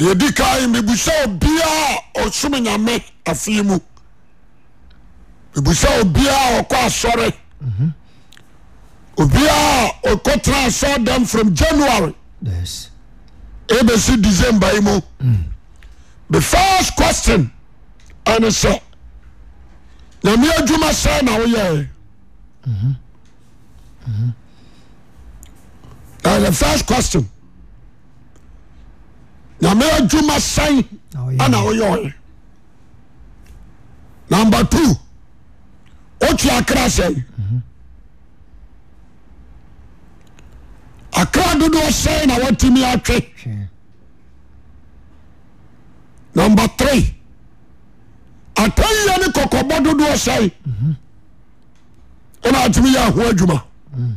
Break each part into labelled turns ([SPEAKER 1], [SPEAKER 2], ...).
[SPEAKER 1] deɛ ɛdi kae mebusa obiaa ɔsom nyame afei mu mebusa obiaa ɔkɔ asɔre obiaa ɔkɔ tena asɔre dam from january ɛbɛsi december yi mu the first question ɛne sɛ nyame adwuma sɛ na woyɛɛ mm-hmm. mm-hmm. the first question namɛ adwuma sɛi ana wɔyɛɛ numbe tu woti akra sɛi akra dodoɔsɛi nawatimi atwe numba thre atayɛ ni kɔkɔbɔ dodoɔsɛi ɔnaatimi yɛ aho adwuma mm.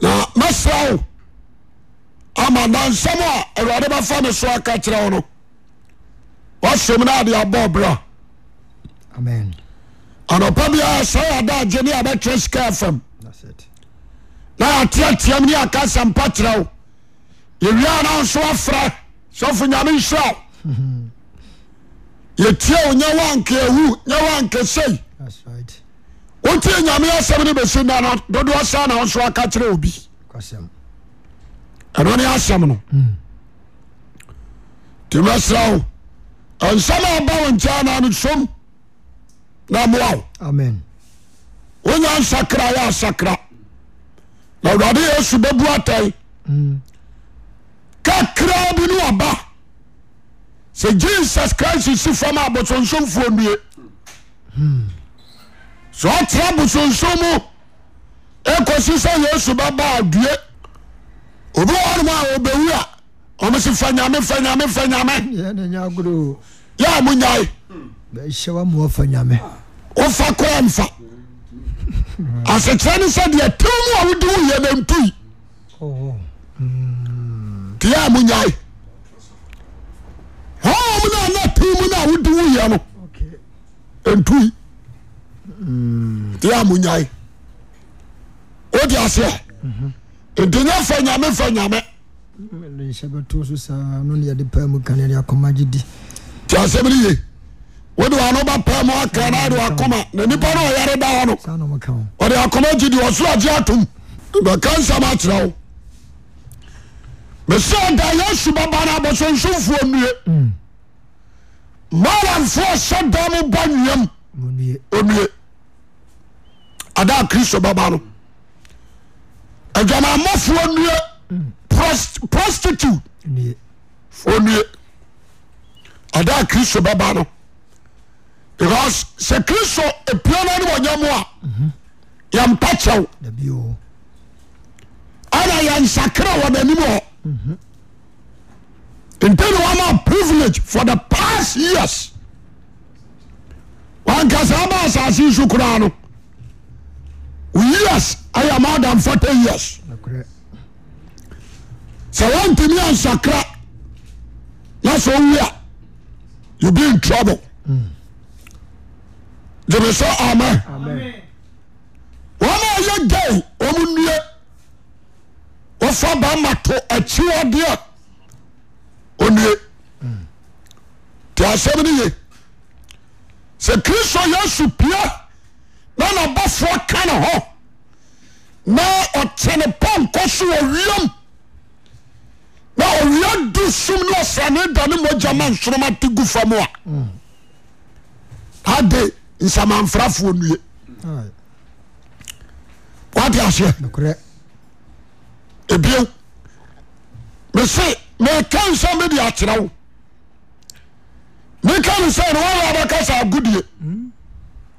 [SPEAKER 1] na mɛsrɛ ama nansɛm a awurade bɛfa no so aka kyerɛ wo no woasomu no ade abɔɔ brɛ anɔpa biaa sɛe yadagye ne abɛterɛ sikaa afam na atea tiam ne aka sɛ mpa kyerɛ wo yɛwiaananso afrɛ sɛfo nyame hyɛ yɛtieo nyɛ woankaahu nyɛ woankɛsei wontiɛ nyame asɛm no bɛsi na no dodoɔsa nanso aka kyerɛ obi ɛnoneasɛm no ntimɛserɛ wo nsɛm aba wo nkyianaa no som na moawoa wonya nsakra waasakra na aruade yɛsu babu atɛ kakra bi no aba sɛ jesus krist si fa m abosonsomfoɔ nue sɛ ɔtera bosonsom mu ɛkɔse sɛ yɛsu bɛbaadue obowarema obewua omese fa nyame aea nyame ya mu yaia ya ofa koro mfa ase kere ne se dea temua wude woye bentoi teya mu mhm. yai omu nena timu ne wode woe no entui teya muyai odease nti yɛ fa nyame fa nyameɛsɛmieye wodenobapam akndekoma nanipa no ɔyɛreandeoagdi soroge to ɛka nsam trao mesɛda yesu baba no abosonsofoɔ nue maramfoɔ mm. sɛ dam ba nam one ada kristo babano adwaneamɔfoɔ nnue prostitute fo nnue adaa kristo bɛba no because sɛ kristo puano no mɔnya mu a mhm. yɛmpa kyɛw ɔna yɛnsakrɛ wɔ nanim hɔ mhm. npine wama privilege for the past years wanka saa ba asase nso koraa no yeas ayɛmadan ft years sɛ wantimi ansakra nasɛ owea you bin trouble demesɛ amen wɔne ɔyɛ dan ɔmundue wɔfa ba mato akyiwadea ɔne te asɛm ne ye sɛ kristo ye su pie foɔ kane hɔ ne ɔtene ponkɔ so owiom ne owi du som ne ɔsanedane mɔyama nsoromate gu fa mua ade nsamamfrafoɔ nue wate asɛ ebio mese mekam so medi akyerɛ wo mekame sɛneawabaka sa agodie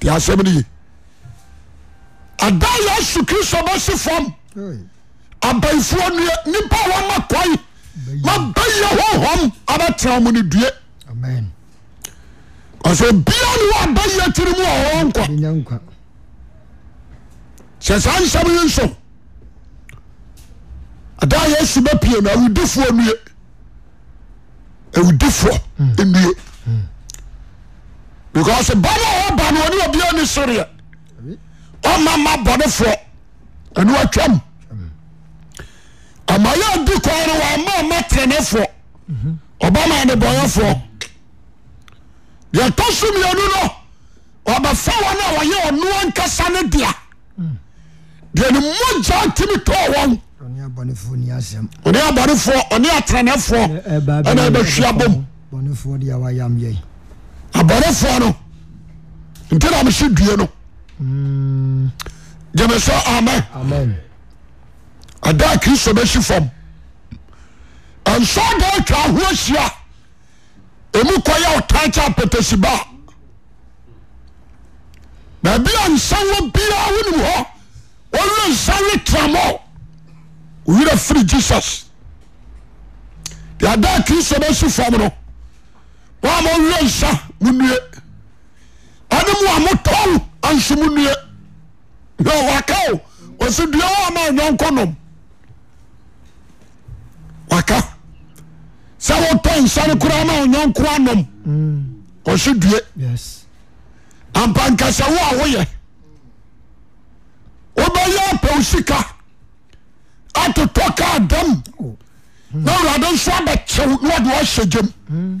[SPEAKER 1] te asɛm ne ye adaa yɛ asu kristo bɛse fam abaifoɔ nnuɛ nipa wɔakɔi maba yɛ hohɔm abatraw mu ne due ɔsɛ obia ne wɔaba yɛ tiremu wɔhonkwa sɛ sɛa nsɛm yi nso adaa yɛ asi ba pie no awudifoɔ nne awudifoɔ hmm. ne cubane a wɔba ne ɔne abine soreɛ ɔma ma bɔnefoɔ ɛneatwam amayɛ di kɔre wma ma trɛnefoɔ ɔbama ne bɔnefoɔ dɛto somianu no ɔabafa wɔn a wɔyɛ ɔnoa nkasa ne dea deɛne moya ntimi kɔɔ wɔnoao abarɔfoɔ no nti na mehyɛ due no gyemɛ sɛ ame adaa kristo bɛsi fam nso daɔtwa ahoahia ɔmu kɔyɛɔtaakye apɛtasibaa babia nsamwɔ bia wonim hɔ ɔwre nsa wetramɔ owira fire jesus e adaa kristo bɛsi fam no ama ɔwrɛnsa mune ade mwa motɔo ansemunue wakao ɔsɛ due o ama onynko nom waka sɛ wotɔ nsare koraa ma onynko anom ɔsɛ due ampankasɛ wo a woyɛ wobɛyɛ apɛwo sika atotɔ kaadam oh. na wurade nso abɛkyɛw nwade wohyɛ gyam mm.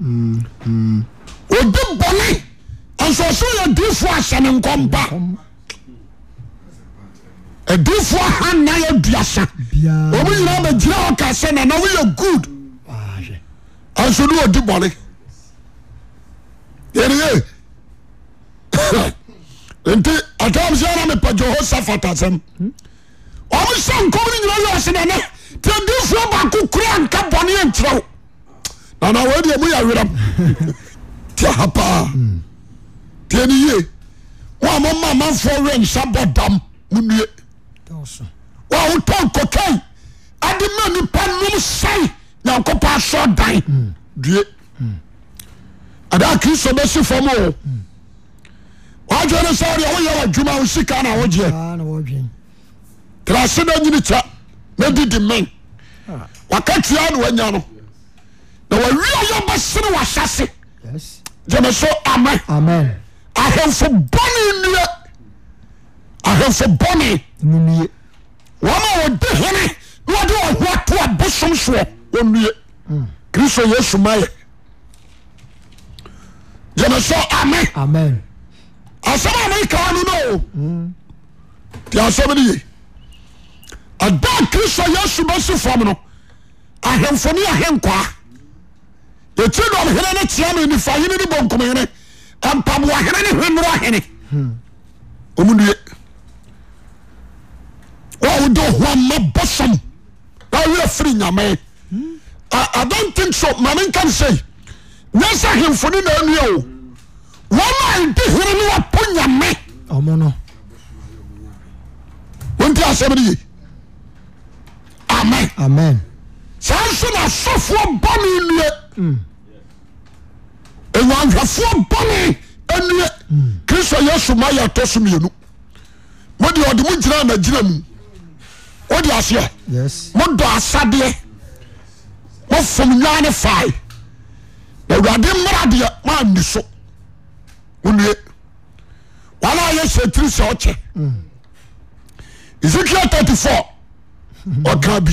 [SPEAKER 1] ode bone anso so ye dii fua aseni nkomba edi fuo anaye diasa omu yerama yira oka senene omeyo good ansone ode bone yereye inti atems reme pa johosefate sem omesenkomene yira yoasenene tdi fuo bakukor anka boneyot ndemuyɛweram aapaa tnye w amamamafoɔ wensabɔ dam mune wo wotɔ kokai ade ma nupa nom sae nyankopɔ asɔ dan ade kristo bɛsifamo ane sɛwodeɛ woyɛwdwuma wo sika nawoyeɛ ah, trasedɛ nyinita mɛdi diman ah. wka taanoanyano yɛbɛsen wsɛse n mmaɔoos isoɛaɛerkanakisoyɛa mf etiene ne teamnfaenenebke ampaoahene n herhene omue ehoma boso wefri yam adantink so manka se yasa hemfone nano e herenwapo yamewtisneye amsansonasofo bone awanhwɛfoɔ bane anuɛ kristo yesu mayɛ tɔ somienu modeɛ ɔde mo gyina nagyina mu wodiaseɛ modɔ asadeɛ mofom nnwaa ne fae naawurade mmara deɛ maani so one wana yɛ sɛkiri sɛ ɔkyɛ mm. ezekial 34 ɔka bi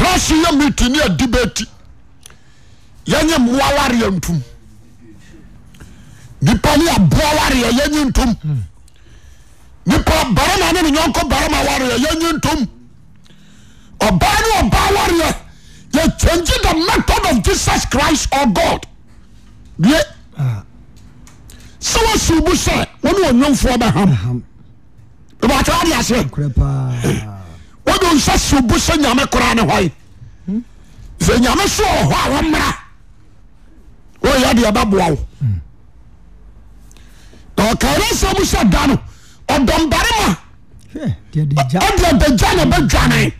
[SPEAKER 1] trase yɛ mitine adibeti yɛnye moa warea ntom nipaneaboa warea yanyentom nip barama ne myonko baramaware yanyentom ɔba neoba wareɛ yɛkanyi the method of jesus christ or oh god de sɛwasubu se one wanyemfo ba ham ebata wadease wodensɛ sɛbo sɛ nyame kora ne hɔe sɛ nyame sohɔa wɔmmara woɛyɛ deababoao karɛsɛmusɛ da no ɔdɔnbarema ɛdiadagya na badwane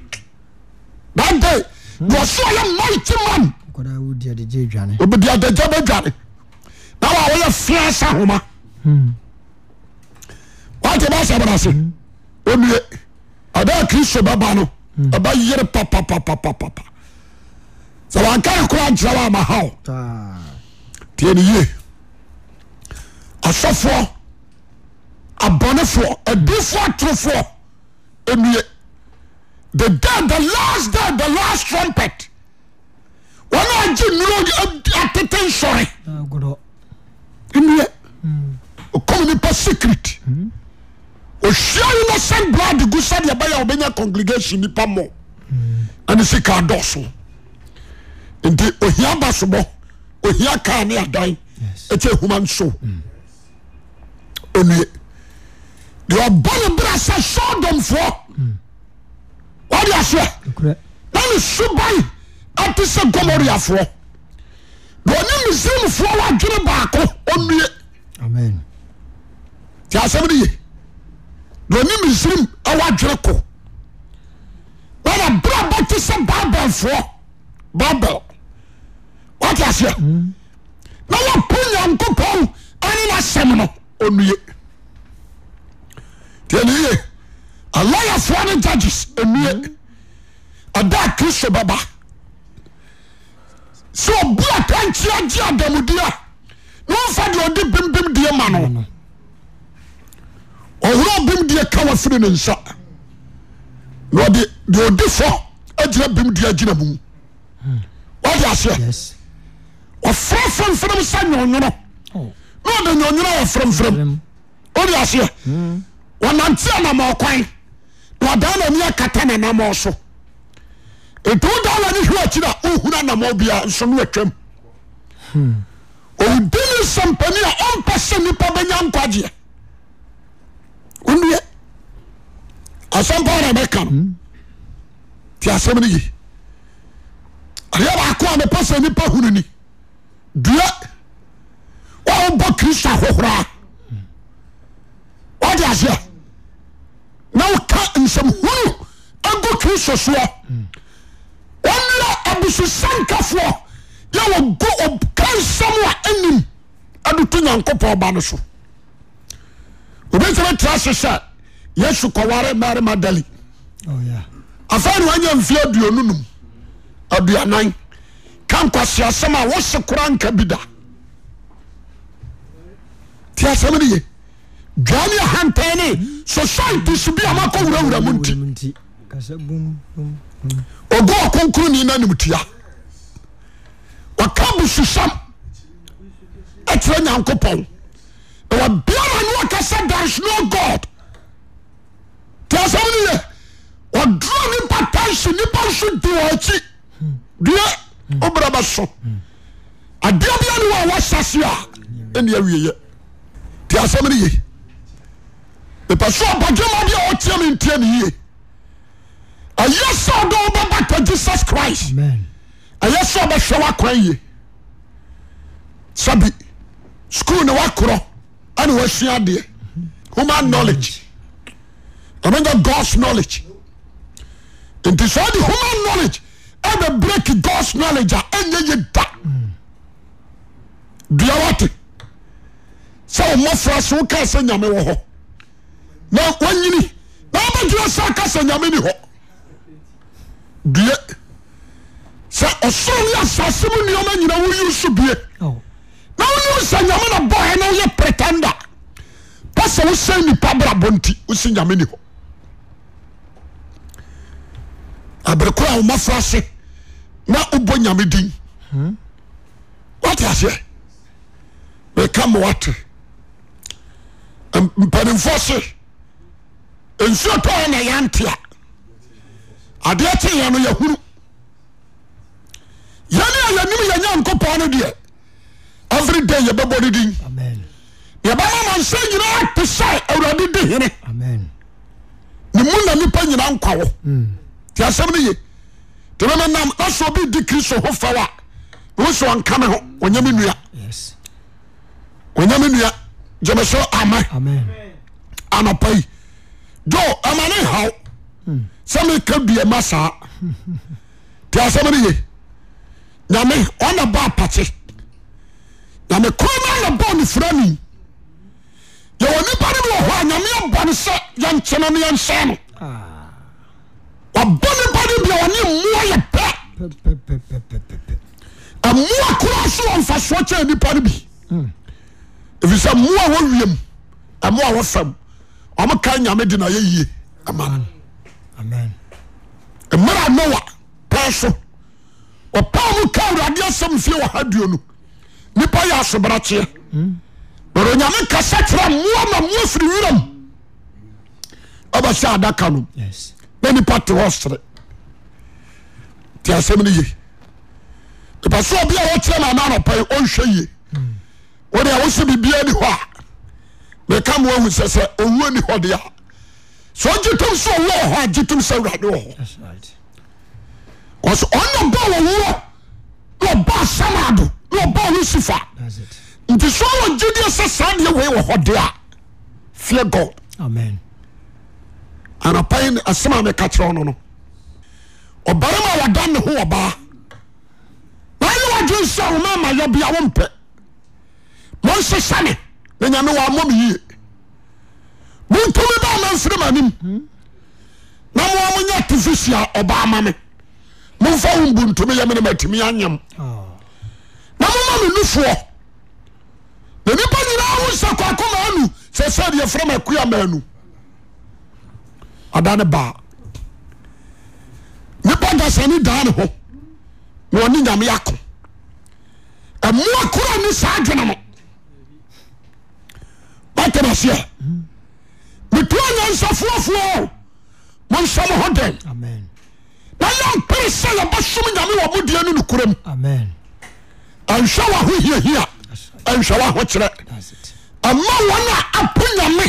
[SPEAKER 1] ba ɔsɛɔyɛ mmatiman diadagya badwane na wwɔyɛ fia sa homa wat bɛsɛ brase ɔe adaa kristo babano hmm. abayere pappa sɛ wankaekorankyerawama hao tianeye asafo abɔne foɔ adi foɔ torofo ɛnue de da the last da the last trumpet wane aye nuratetensore nnue okomenipa hmm. secret hmm. ɔsia yino sɛdoade go sadeɛ bɛyɛ wɔbɛnya congrigation nipa mɔ ane sikadɔso nti ohia ba sobɔ hia kar neaa kɛ humansow ɛ ɔbane brɛ sɛ soudomfoɔ deaso bane sobai atesɛ gomoriafoɔ deɔne musimfoɔ waadwene baako ɔne tiasɛmneye deɔnim sirem awodwere ko bɛnabrɛbɔte sɛ biblefoɔ bibl watasea na wapo nyankopɔ ayena asɛm no ɔnu e deɛneye alayafoɔ ne jadges ɛnue ada kristo bɛba sɛ ɔbula ta nkyiagye adamudi a ne ɔmfadeɛ ɔde bembem deɛ ma noo ɔhura bemdeɛ kawa fini ne nsa nde ode fo agyira bamdiɛ gina mu desɛ frefofro sa yɛoo ned ɛoofefr esɛ nati namka aneɛkaanam so danehir ounamb nsotwa ine sɛpani a ɔmpɛsɛ nnip ɛnyankɔɛ onɛ asɛm pawadɛ mɛka n hmm. ti asɛm no ye adeɛ baako a mɛpɛ sanipa hununi dua wawɔbɔ kristo ahohoraa wode asea na woka nsɛm huru ago kristo soɔ onera hmm. abususankafoɔ yɛkransɛm a anim adoto nyankopɔn bano so wobɛtimɛ tra se sɛ yɛsukɔware mare madali oh, afai ne waya mfie aduonunum aduanan kankɔsiasɛm a wosekora nka bida tiasɛm ne ye duane ahampɛ ne sosai pisobiam akɔ wurawuramu nti ɔgokonkrnina nimtia waka bususam ɛterɛ nyankopɔn wbiara newakasa thers no god iasɛm ne ye dr nipa tase nipa so d akyi obrɛso adebia nwwasasea newi asɛmne ye pɛsomtimntineye ɛyɛ sɛdebɛbata jesus christ ɛyɛsɛbɛwɛ wokwa ye sabi skol ne wakor ɛne wasua adeɛ human knowledge ɛmega gos knowledge enti so wade human knowledge ɛbɛbrek gos knowledge a ɛnyɛ ye da duawate sɛ wommɔsra se wo kaa sɛ nyame wɔ hɔ n wayini nawbadeɛ sa kasa nyame ni hɔ due sɛ ɔsɔne asasɛm nuna nyina woyi sobie na wonom sɛ nyame nobɔe ne woyɛ pretende pɛ sɛ wosan nipa brabɔ nti wosi nyameni hɔ aberekora womafra se na wobɔ nyame din wateaseɛ meka mawate mpanimfo se nsuotɔɛne yɛntea adeɛ teɛ no yahuru yene ayɛnim yɛnya nkopɔ nodeɛ averyda yɛbabɔedi meabama mansɛ nyina akpesa awurade dehere ne muna nipa nyina nkwa wo mm. ti asɛmneye tememenam na so obede kristo ho fɛwa wose nkame ho yamnua yamnua yeme so ama anapai jo amanehaw mm. sɛ meka duama saa tiasɛm ne ye yame ɔnabɔ apate namekora na anabɔ ne fira ne yɛwɔ nipa ne bi wɔhɔ nyame ɛbɔne sɛ yɛnen noyɛnsɛ no bɔ nipa ne bia ɔne mmoa yɛ pɛ amoa kora so ɔmfasoɔ kyɛ nnipa ne bi ɛfisɛ mmoamayaɛieɛaasɛfie nipa ya asobrakeɛ but oyame kasa kera muo ma muo firiwirom abase adakano ne nipa tewo sere siyeoerae ewoeibianihwuwtowt ne aowuo n basamado ebaosifa nti soɔgyedeɛ sɛ sadeɛweiwɔhɔde a fiɛ go anapa asɛmmeka kerɛ n ɔbaramawɔdane hobaa nayɛwɔdensa womamayɔbia wo mpɛ monsesane na nyamewmɔmeyie buntome banansrem anim na moa mo nyɛ tesesia ɔba mame momfa wombuntom yɛmenematimiaayem oh. meno fuo anipa nyina mose kkomaanu sɛ sadie frmk manu dn ba nep dasane dane ho mwne nyame yako amua kuro ne saa denemo matemasiɛ metua nyansa fuofuo monsomo ho den mayamkpre sɛ yɛbosom nyamewomudie no no kuram nhwɛ who hiahia nhwɛwho kyerɛ amana apo yame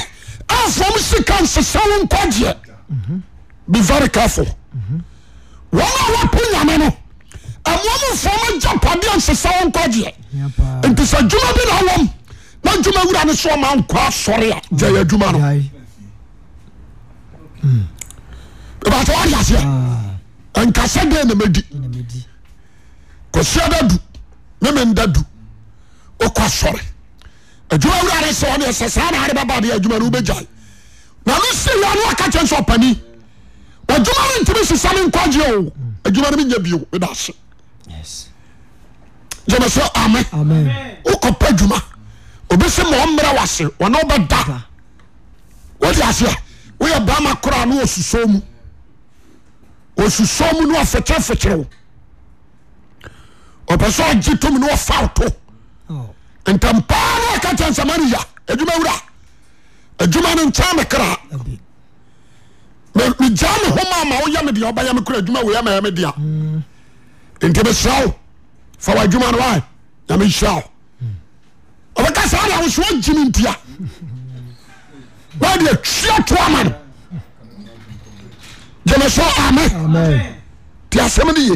[SPEAKER 1] mfm sika nsesɛwo nkɔ eɛ bivare kafo ɔnawpo nyame no amoa mfmyapadenssɛwo nkɔyeɛ nti sɛdwuma bi nw nadwumawurane sɔmankɔa sɔre a gyaɛ dwuma no ba weaseɛ ah. nkasɛ dɛ namadi kɔseada du memenda du oko sore um weea uma tm si samnk yebs ms m oko po uma r rsso susomu n fitre fitereo ope so aje tominewofau to oh. ntempanka tansamaneye eu wur ajuma ne ta me kra ejam moyadntmeso faajuma amsa obe kasansuo jimi ntia mde ta tu ma emesu ame iasemineye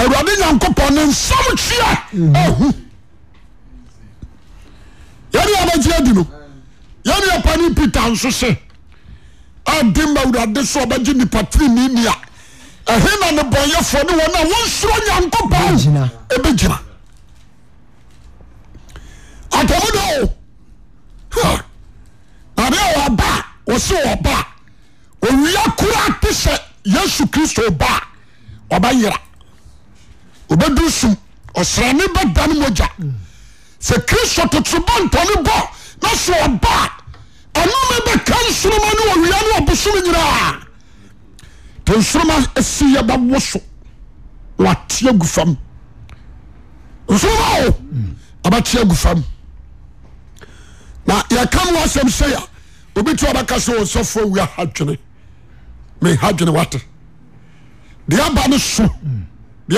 [SPEAKER 1] awurade nyankopɔn ne nsɛm tweɛ ahu yɛne yɛbagyea di no yɛne yɛpane pitanso se aden ma awurade so ɔbɛgye nnipatireneni a ɛhena ne bɔnyɛfɔne wɔna wonsoro nyankopɔn bɛgyina atɔmdeo nade wɔbaa wɔse wɔba ɔwia koraa pesɛ yesu kristo ba a ɔbɛyera obɛbi nsom ɔserɛne bɛda no mɔgya sɛ kristo totobɔ npɔne bɔ na so ɔbaa anom bɛka nsoroma ne ɔwia ne ɔbosom nyinaa te nsoroma asi yɛbɛwo so wateɛ agu fam nsorom o abɛteɛ agu fam na yɛka ne waasɛm sɛa obɛti abɛka sɛ wo nsɛfoɔ wa ha dwene eha wenewate de aba ne so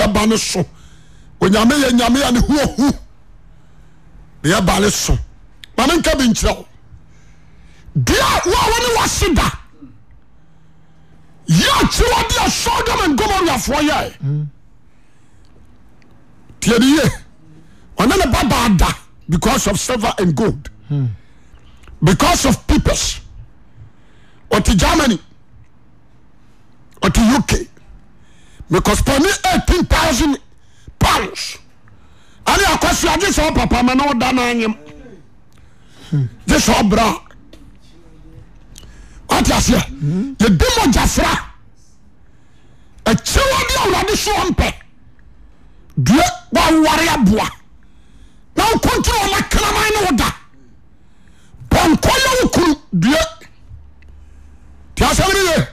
[SPEAKER 1] ebaneso onyame yɛ nyame a ne hooho beɛbane so bane nka binkyerɛw dea waa wane wa se da yɛkyeewadea sordom an gomonuafo yɛ tiɛdiye anene babaada because of silver and gold because of peoples ɔte germany ɔte uk ecostome eite tou0nd pouns aneakosia de sɛo papama ne woda na ayem de sɛo bra tasɛ yeeɔ jasera akyewo de awrade suo mpɛ due waware aboa na wokontiri oma karama ne woda bonko yɛ wo koru due tiasɛireye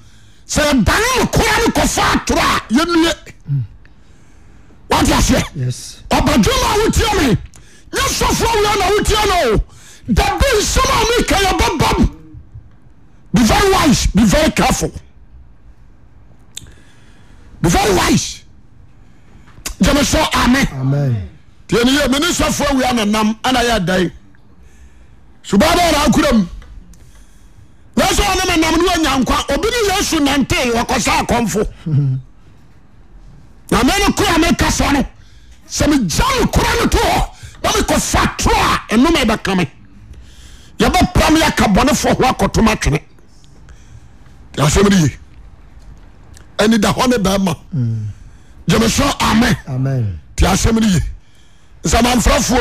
[SPEAKER 1] se bare korane kofaa toraa ye mie wateasie obajoma we tie me ye sofuo wea na wo tie ne dabe nsoma ame keya bobom be very wise be very careful bevery wise jeme so ame teniye mene isua fu weame nam aneya dai soba boreakuram yeso ene menamnewa yankoa obine yesu nente ako sa konfo na mene koa me kasa no sɛmeya koro ne th maneko fatora nombekame yɛbe pameyɛka bonefo hokotoma tene asɛmreye anida hone bema gemeson ame tasɛmreye sfraf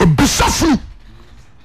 [SPEAKER 1] e bsa frubisa fru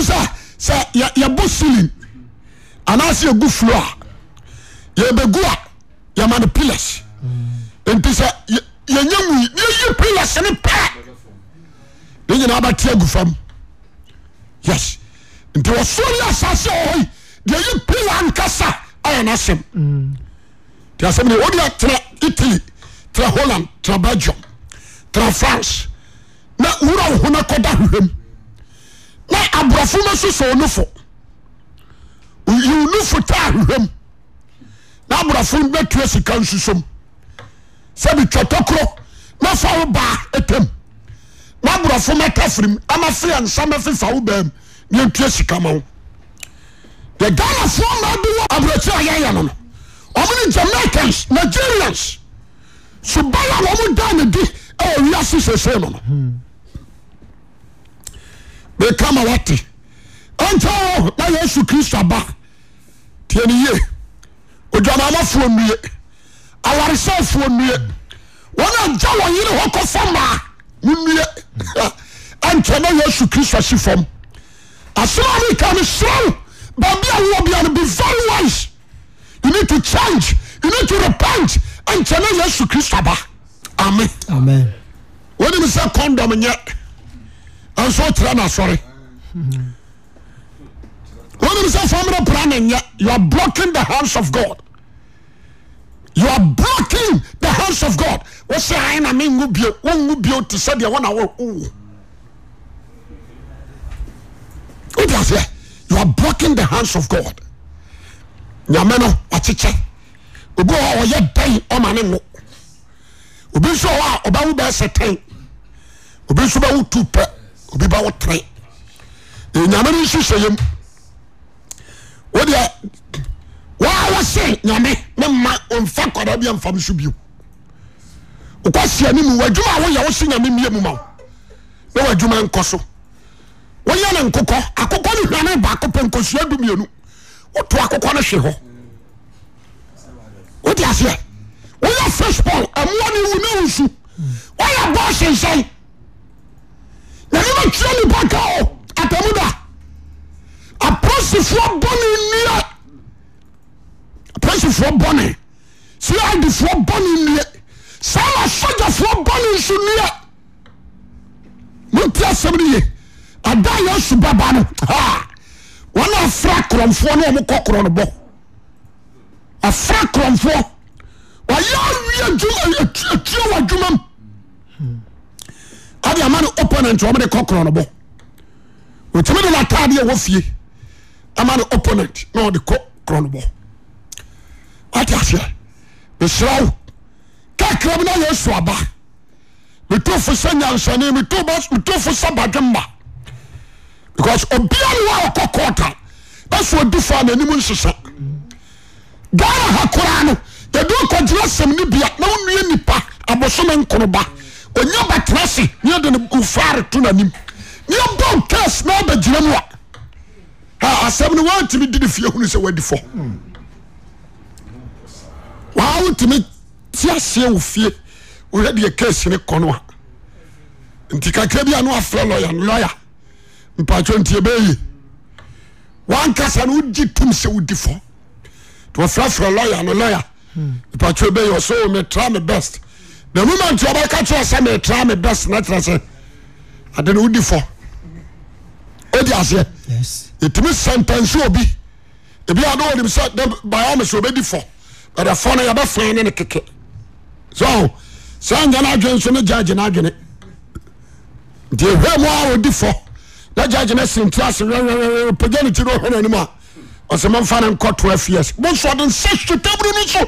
[SPEAKER 1] sɛ sɛ yɛbo silin anase yɛgu fulo a yɛbɛgua yɛmane pilers nti sɛ yɛnyaw neɛyi pilesne pɛɛ e yina abatea agu fam yes nti wɔsoreɛ asase de yi pile nkasa aɛnsem asɛ odetra italy tra holland trabagun tra france na uro d aborafo msosɛono fo yino fo ta aheham na aborɔfo mɛtua sika nsusom sɛ bitwatokoro mɛfa wo ba atam maborɔfo mɛtafirim amaseansamɛsisa wo bam eɛntuasikamawo y ganafo na arti yɛyɛ no no ɔmone jamaicans nigerians so bala wɔmodane di wɔwia se sese no no ekamawate ankɛ o na yesu kristo aba tieniye ojamaama foɔ nnue awaresɛfoɔ nnue wɔne aya wo yere hɔ kɔfa ma munue ankyɛna yesu kristo asifɔm asomaamekane serɛ babi wowɔbiano be very wise ou ne to change n to repent nkyɛna yesu kristo aba ame nim sɛ kondom yɛ ɛnso kyerɛ no asɔre wonim sɛ family planning yɛ you are blocking the hands of god you are blocking the hands of god wosɛ ae na mengu bio wongu bio te sɛdeɛ wona wowo wode aseɛ you are blocking the hands of god nyame no wakyekyɛ obi wɔ ɔyɛ dɛn ɔma ne no obi nso wɔ a ɔbɛwo bɛɛsɛ tɛn obi nso bɛwo tu pɛ obi ba wo terɛ eh, nyame no nsyesɛya o wose yame mea fa a famo bnoɛ fisall awn oɛ osesɛ yɛne bɛtwerɛ nipa ka o atamu da apolisifoɔ bɔne nnie apolisifoɔ bɔne cid4 bɔne nnie saa na sogyafoɔ bɔne nso nnie monti asɛm no ye ada yɛ asu baba no wɔne afra korɔmfoɔ ne ɔmo kɔ korɔ no bɔ afra korɔmfoɔ wɔyɛ awie adwuma atua wɔ adwuma mu ade ama no opponent wɔmde kɔ korɔno bɔ wɔtumi de natadeɛ wɔ fie ama no opponent na ɔde kɔ korɔno bɔ ate aseɛ mesrɛ wo kakra bi na yɛ su aba metofo sɛ nyansane metofo sɛ badwemma because obia ne wa ɔkɔ kɔɔta na so ɔdi fa n'anim nsesa ghana ha koraa no yɛde ɔkɔgyina asɛm no bia na wonnua nnipa abɔsome nkoroba onya ba tena se meɛdene ofare to no nim meba kas maba gyina mua sɛmi no watimi dine fiehunsɛ wadi fo otime aseɛo fie kesn ktara bnfrɛ pat wankasan woge tm sɛ woi f frfr leny pat setrame best eet aka se meae e e ode fo d see d oo k o in n seeaso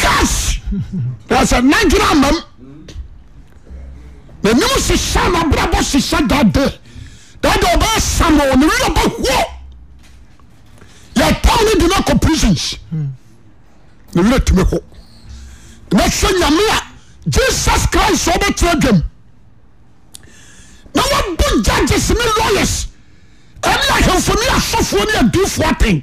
[SPEAKER 1] s negena amam na nem sesa na brabɔ sesa gad dad ɔbɛsam newerɛ boh yɛtamne deno co presons newetumi h neɛ nyame a ah. jesus christ wobɛterɛ dam ne wobo judges me lawles ɛneya hamfoni asofoɔ ne yadu fo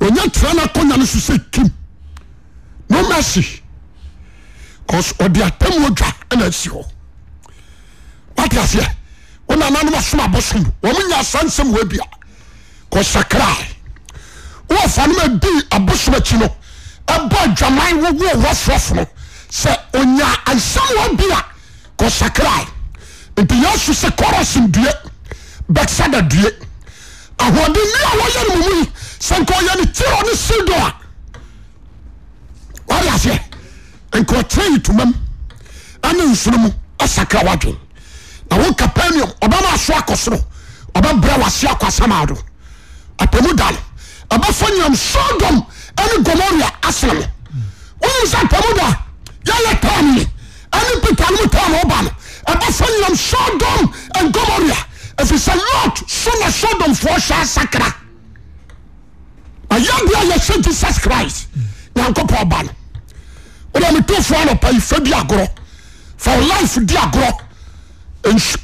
[SPEAKER 1] ɔnya tra no akɔnyane so sɛ kim nomasy cas ɔde atam ɔdwa anaasi hɔ asɛ nna noso so mnyasansɛ ba kɔsakrafanom aosom akinoa dwamawowowf noɛɛ krose beksadae hdneawoyɛ ne momuy senk yene tiro ne sedoa esɛ nk terayɛtomam ne nsorom sak wodn nawokapani ɔmasoaksor brawsek asamdo apamuda bɛfa ny sodom ne gomoria aserem oyisɛ apamda yɛy tam sakra aabiyɛsɛ jesus christ nyankopɔ bano wodemetofo nopayi fadi agor falife di agor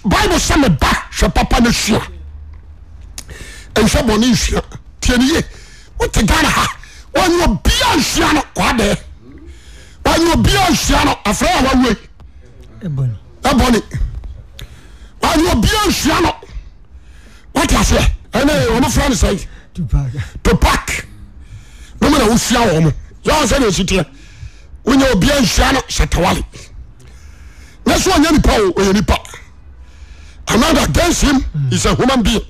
[SPEAKER 1] bible sane ba hwɛ papano sa nhwɛ bɔne nsa tine wotgh abia nsa no ade aobia nsa no afra wawebɔne aobia sa no wateafea ɛ ɔmofra ne sɛi topak nomnawosia wɔ mo ɛsɛnesieɛ wonyaa sa no sɛawale nɛsɛanya nipao nipa anateansim mm. isa human bein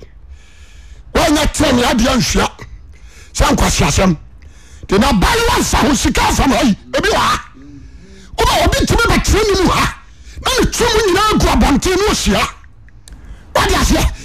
[SPEAKER 1] nya traneaeaasɛnaɛnmyinannaeseɛ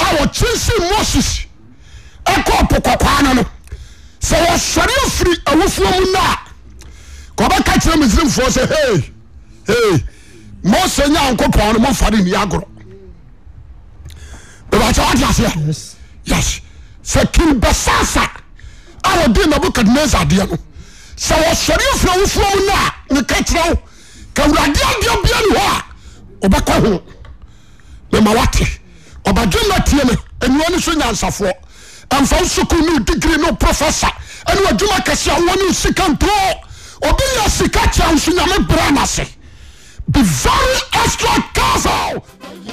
[SPEAKER 1] a wɔkyerɛsɛ moses ɛkɔ po kɔkwaa no no sɛ wɔsɔre afiri awofuo mu no a kɔbɛka kyerɛ misrimfoɔ sɛ hei hei mose nya nkopɔn no mɔmfare nni agorɔ bɛbɛkyɛ wode aseɛ yes sɛ kin bɛsasa a wɔde nabukadnasar deɛ no sɛ wɔsɔre afiri awofuo mu no a ne ka kyerɛ wo kawurade adeɛ bia ne hɔ a wɔbɛkɔ ho mema wate abademnatie me anua ne so nyansafoɔ ɛmfawo soko ne odigere no professe ɛne wadwuma keseaowone osika mto obiya sika chawo so nyame branose bivaro astra kas